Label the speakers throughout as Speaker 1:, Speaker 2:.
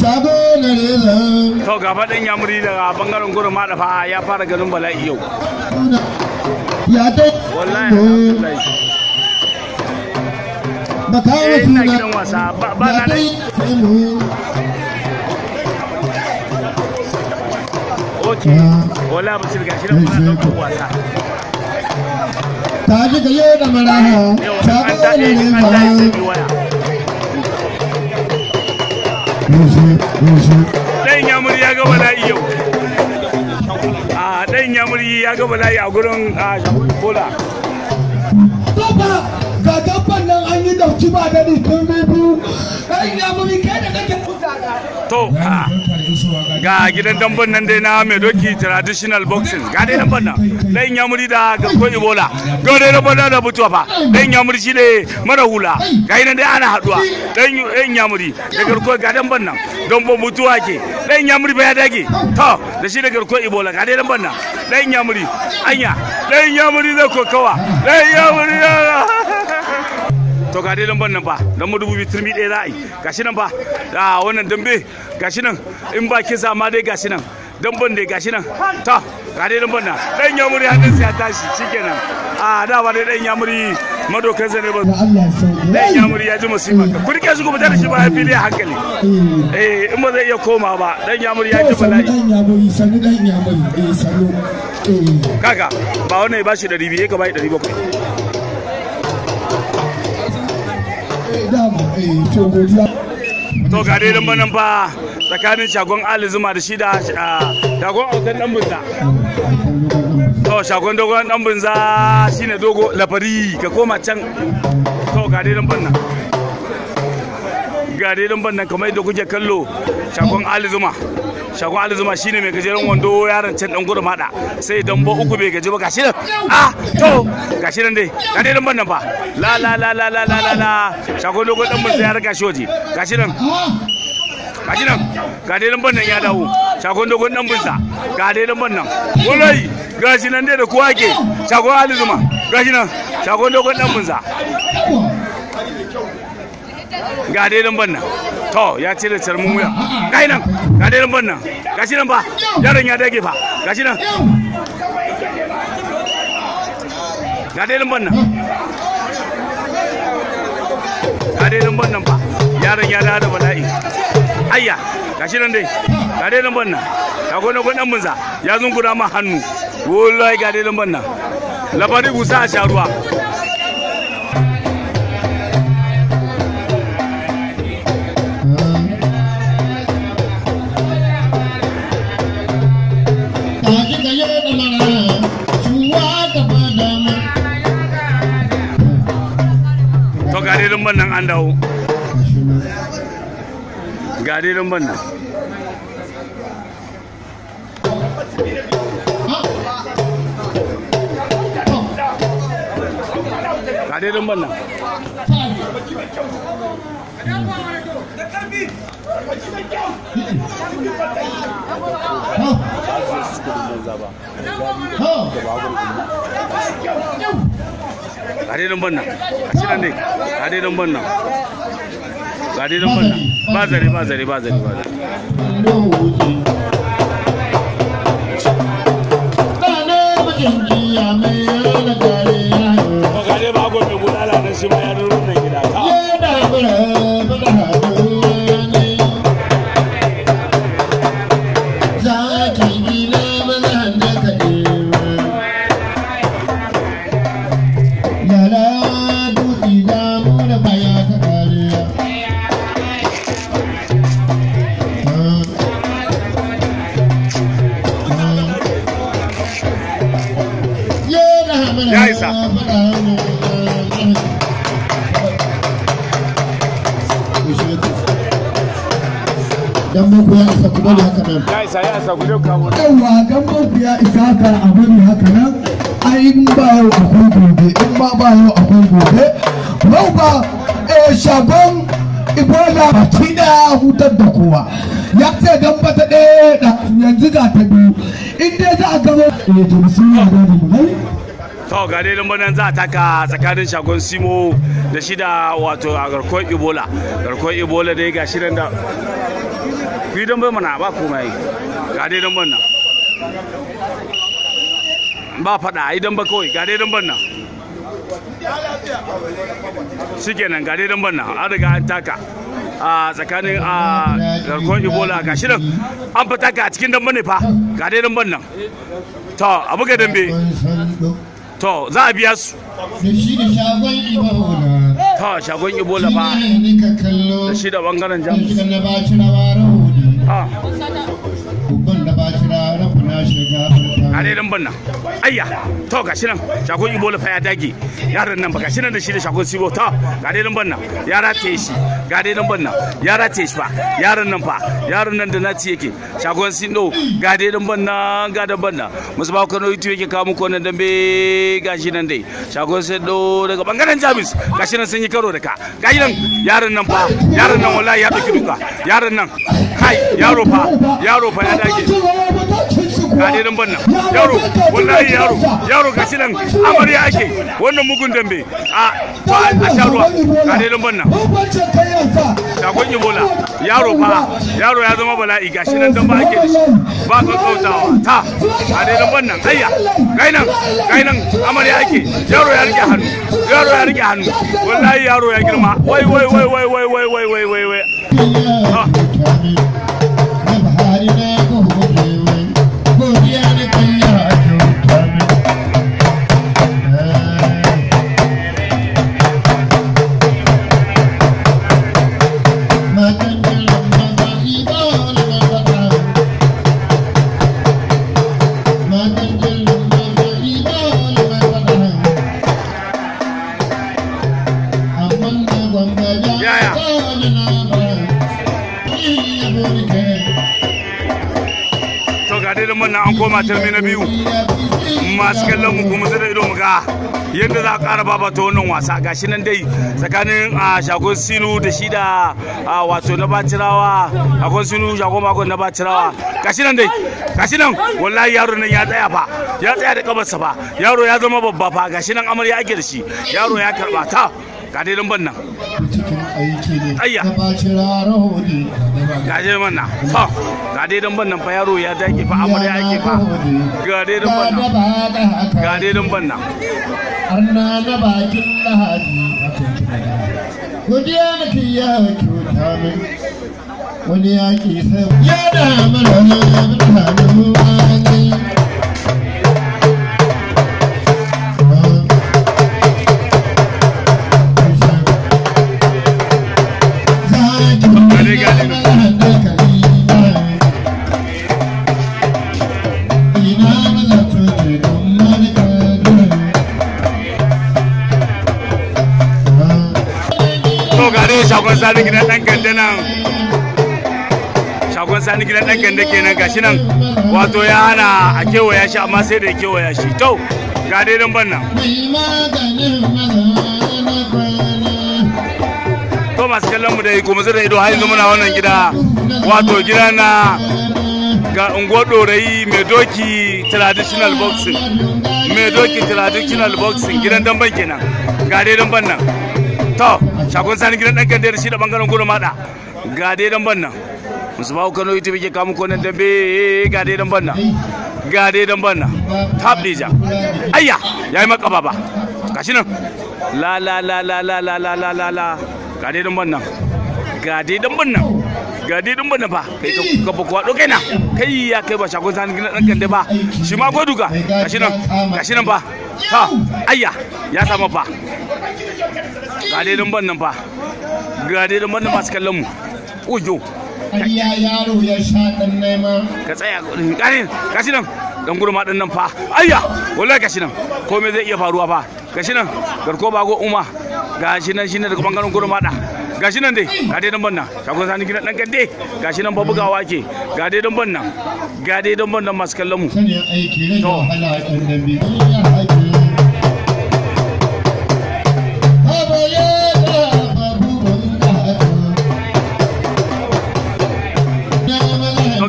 Speaker 1: to
Speaker 2: ga faɗin ya muri daga bangaren gurin ma dafa ya fara ganin bala'i yau
Speaker 1: wallahi eh, ina gidan wasa ba na dai wala wasa ta ji da maraha ta ga ne Dan
Speaker 2: Yamuri ya ga bala'i yau. A ah, Yamuri ya ga bala'i a gurin ah, Kola.
Speaker 1: Baba ga dabban nan an yi dauki ba da ni tun biyu. Dan Yamuri kai da kake kusa
Speaker 2: To, ah, ga gidan dambon nan dai na mai doki traditional boxing ga dai dambon nan dai dan muri da ga ko ibola ga dai dambon nan da butuwa fa dai dan muri shi ne mara hula ga nan dai ana haduwa dai dan yan muri da garko ga dambon nan dambon butuwa ke dai yamuri muri baya dage to da shi da garko ibola ga dai dambon nan dai dan muri anya dai dan yamuri zai kokawa dan muri ya to ga dai lamban nan ba lambar dubu biyu turmi ɗaya za a yi gashi nan ba a wannan dambe gashi nan in ba kisa ma dai gashi nan damban dai gashi nan ta ga dai lamban nan dan yamuri hannun sai ya tashi shikenan a da ba dai dan yamuri madokan
Speaker 1: ne ba dan yamuri
Speaker 2: ya ji musiba ka eh. kurke shi kuma da shi ba ya fili a hankali
Speaker 1: eh.
Speaker 2: eh in ba zai iya koma ba dan yamuri ya ji bala'i dan
Speaker 1: yamuri sanu dan yamuri eh sanu eh.
Speaker 2: kaka ba wannan ya bashi 200 ka ba bai 700 Eh, eh, to ga dai dan banan fa tsakanin shagon Ali Zuma da shi da ah, shagon autan dan bunza to shagon dogon dan bunza shine dogo lafari ka koma can to ga dai dan banan ga dai dan banan kamar yadda kuke kallo shagon Ali Zuma shagon shi shine mai gajeren wando yaron can dan gudu mada sai dan ba uku bai gaji ba gashi nan ah to gashi nan dai ga dai dan nan fa la la la la la la la shagun dogon dan mun ya riga shi waje gashi nan gashi nan ga dai dan nan ya dawo shagun dogon dan bunsa ga dai dan nan wallahi gashi nan dai da kowa ke shagon alizuma gashi nan shagun dogon dan bunsa ga dai dan nan to ya cire carmin wuya gai nan ga dai nan ga shi nan ba yaron ya dage fa shi nan ga dai nan nan ga dai nan nan ba yaron ya da bala'i ayya shi nan dai ga dai nan nan ga gona gona mun za ya zungura ma hannu wallahi ga dai nan nan labari busa a sharuwa rumban nan an dawo ga dai rumban nan ga dai nan Oh! ga dai nan banna a shi nan ne ga dai nan banna ga dai banna ba zare ba zare ba
Speaker 1: zare ba zare mu dan ya isa ku haka nan a bari haka nan ai in ba yau eh, shagon ibola baki da hutar da kowa ya ce dan bata ɗaya yanzu ga ta biyu in za a gaba eh to sun yi da mu
Speaker 2: to ga dai nan za a taka tsakanin shagon simo da shi da wato a garkon ibola garkon ibola dai ga shirin da fi don bai mana ba kuma yi ga dai don nan ba faɗa idan ba kawai ga dai don nan shi kenan ga dai don nan an riga an taka a tsakanin a garkon ibola ga shi nan an fita a cikin dambe ne fa ga dai damben nan to abu ga dambe to za a biya su da shagon ibola da ba
Speaker 1: da shi da bangaren jamus ah. da shi da na
Speaker 2: are reran banna ayya to gashi nan shakon ibo fa ya dage yaran nan ba gashi nan da shi da shakon sibo ta ga reran banna ya rataye shi ga reran banna ya rataye shi fa yaran nan fa yaran nan da na ci yake shakon sindo ga reran banna ga da banna musu ba kano yutu yake kawo muku wannan dambe gashi nan dai shagon sindo daga bangaren jamus gashi nan sun yi karo da ka gashi nan yaran nan fa yaran nan wallahi ya dauki duka yaran nan kai yaro fa yaro fa ya dage ga yaro wallahi yaro yaro amarya ake wannan mugun dambe
Speaker 1: a a sharuwa
Speaker 2: yaro fa yaro ya zama bala'i ake shi ba ta banna ayya gainan gainan amarya ake yaro ya rike hannu yaro ya rike hannu
Speaker 1: wallahi yaro ya girma wai
Speaker 2: adadin manna an koma tarmi na biyu masu kallon mu kuma da ido yadda za a ƙara baba ta wannan wasa gashi nan dai tsakanin shagon sinu da shi da wato na bacirawa shagon sinu shagon makon na bacirawa gashi nan dai gashi nan wallahi yaro nan ya tsaya fa ya tsaya da kabarsa fa yaro ya zama babba fa gashi nan amarya ake da shi yaro ya karba ta ga dai ban nan
Speaker 1: ayya ga
Speaker 2: dai ban nan ha ga dai ban nan fa yaro ya dake fa amma ya ake fa ga dai ban
Speaker 1: nan ga dai ban nan arna na bakin lahadi godiya mutum ya kyauta min wani yaƙi sai ya da mana mutanen mu
Speaker 2: ni gidan ɗan ganda kenan gashi nan wato ya hana a kewaya shi amma sai da ya kewaya shi to ga dai ban nan to masu kallon mu dai kuma zai ido har yanzu muna wannan gida wato gida na ga unguwar dorayi mai doki traditional boxing mai doki traditional boxing gidan damban kenan ga dai ban nan to shagon sani gidan ɗan ganda da shi da bangaren gudu maɗa ga dai ban nan musbahu kano ita bike kamun konan dambe ga dai dan banna ga dai dan banna tap dija ayya yayi maka baba gashi nan la la la la la la la la la la ga dai dan banna ga dai dan banna ga dai dan banna ba kai ka ka ba kwado kai na kai ya kai ba shagon san gina dan kande ba shi ma ko duka gashi nan gashi nan ba ha ayya ya sama ba ga dai dan banna ba ga dai dan banna su kallon mu ojo
Speaker 1: ƙarya yaro ya sha dan nema ka tsaya
Speaker 2: ƙarin gashi nan dan gurma ɗin nan fa ayya wallahi gashi nan kome zai iya faruwa fa gashi nan garko bago umma gashi nan shine daga bangaren gurma da gashi nan dai ga dai dan banna shagon sani gidan dan kande gashi nan babugawa ke ga dai dan banna ga dai dan banna masu kallon mu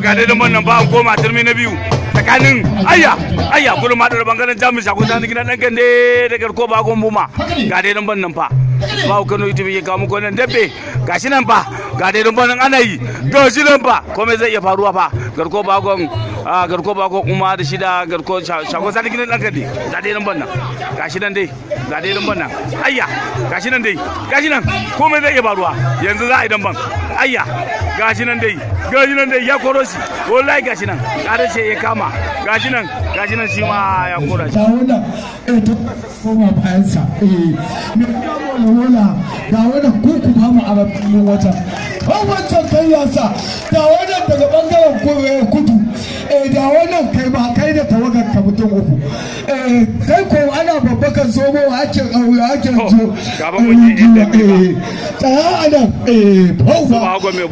Speaker 2: ga da wannan ba an koma turmi na biyu tsakanin ayya ayya gudu ma da bangaren jamus ya kusa gidan dan gande da garko ba gon buma ga da wannan fa ba ku kano ita bai ga muku wannan dabbe gashi nan fa ga da wannan ana yi shi nan fa komai zai iya faruwa fa garko ba gon a ah, garko bako kuma da shida garko shago sa dikin dan kadi da dai nan banna gashi nan dai da dai nan banna ayya gashi nan dai gashi nan komai zai iya baruwa yanzu za a yi dan ban ayya gashi nan dai gashi nan dai ya koro shi wallahi gashi nan kada ce ya kama gashi nan gashi nan shi
Speaker 1: ma ya kora shi eh, koma bayansa eh me wala ga wannan ko ku ba mu a wata ko wancan kai yasa ga wannan daga bangaren eh, kudu eh da wannan kai ba kai da tawagar ka mutum uku eh kai ko ana babbakan zobo hakin aure hakin oh, zo gaba mun yi eh, eh, tsaya eh, ko ne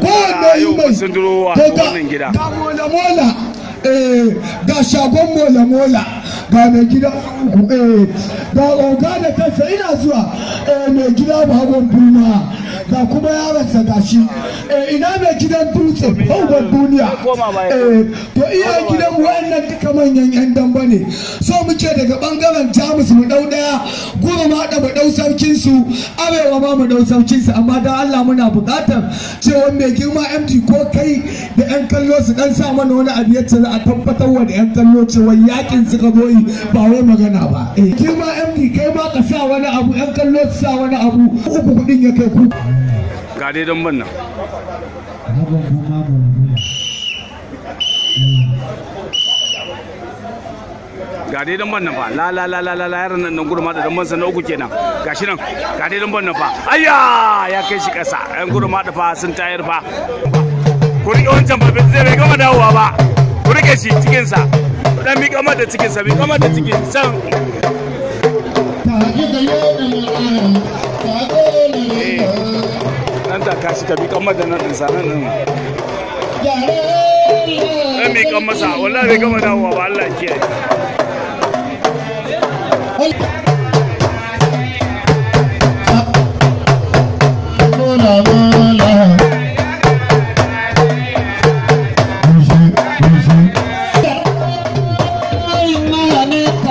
Speaker 1: yi mai da mola mola ga shagon mola mola ga mai gida ga oga da kansa ina zuwa mai gida ba gon ga kuma yaronsa gashi e ina mai gidan dutse bangon duniya e to iya gidan wayannan duka manyan yan damba ne so muke daga bangaren jamus mu dau daya guru ma da mu dau saukin su arewa ma mu dau saukin su amma dan Allah muna bukatar cewa mai girma MT ko kai da yan kallo su dan sa mana wani abu yace za a tabbatar wa da yan kallo cewa yakin su gabo ba wai magana ba eh, girma MT kai ma ka sa wani abu yan kallo su sa wani abu uku kudin ya kai ku
Speaker 2: ga dai don ban nan ga dai dan ban nan fa la la la la la yaran nan gurma da don ban sanan uku kenan gashi nan ga dai dan ban nan fa ayya ya kai shi kasa yan gurma da fa sun tayar fa ku rike wancan ba zai bai gama dawowa ba ku rike shi cikin sa dan mi kama da cikin sa mi kama da cikin san ta ji da yau da kashi shi ka miƙan mata nan ɗin sanan nan ɗan miƙan masa wallahi bai gama dawowa ba Allah kiyaye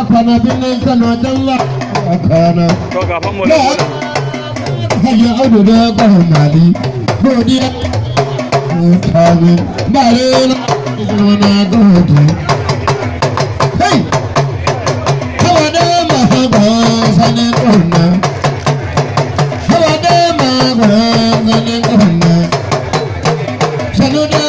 Speaker 1: Kana binin kano don To gafa hanya abu da bahmali godiya mutane bare na zama gode hey hawa da mahaba sanin kunna hawa da mahaba sanin kunna sanu da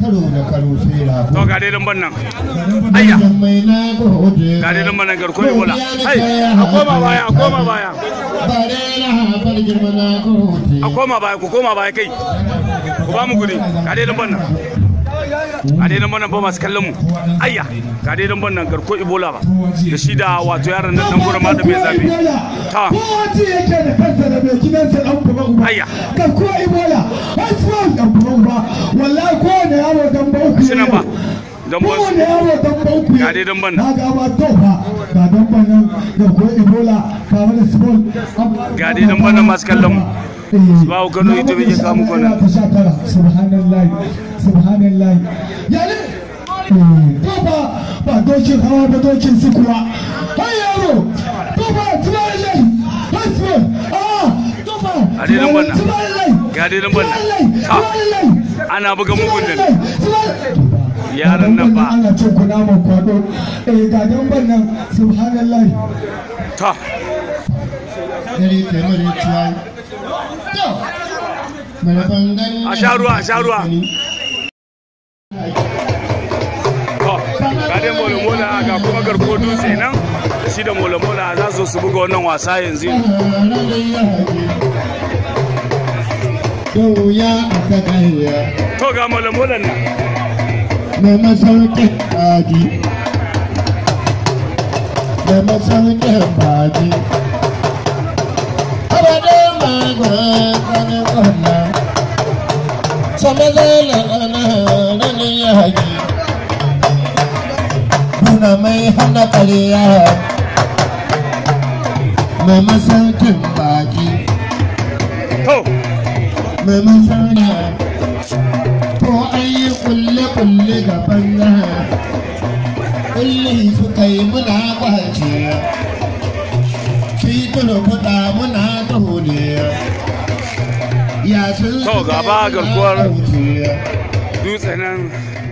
Speaker 1: to ga dai lamban nan ayya ga dai lamban nan garko ne wala ai a koma baya a koma
Speaker 2: baya a koma baya ku koma baya kai ku ba mu guri ga dai lamban nan ga dai nan ba masu kallon mu ayya ga dai nan bannan garko ibola ba da shi da wato yaran nan gura ma da bai zabe
Speaker 1: ta kowace yake da kansa da bai gidansa dan kuma uba ayya garko ibola wasu ma dan kuma uba wallahi kowane yaro dan ba uku ne damban su ga dai damban nan ga damban nan da ko ebola ga wani small ga dai
Speaker 2: nan masu kallon ba eh, ita bai kamu
Speaker 1: subhanallahi subhanallahi yale eh, ba dokin hawa ba dokin hai yaro hasbe ah, ga ah,
Speaker 2: ana buga mugun
Speaker 1: nan yaran nan ba ana ce kunama kwado eh ga damban nan ta dare to mai a
Speaker 2: sha ruwa a sha ruwa
Speaker 1: ga dai mola
Speaker 2: ga kuma garko dutse nan shi da mola za su su buga wannan wasa yanzu ah, to ga mola nan
Speaker 1: mai masaukin baji mai masaukin baji abada magwa kwanin kwanna sama zala ana ranar yaki nuna mai hana ƙarya mai masaukin baki mai masaukin kulli gaban raha kulli suka yi muna kwace tituna kuɗa muna taho ne ya sun suka yi muna kwace dutse nan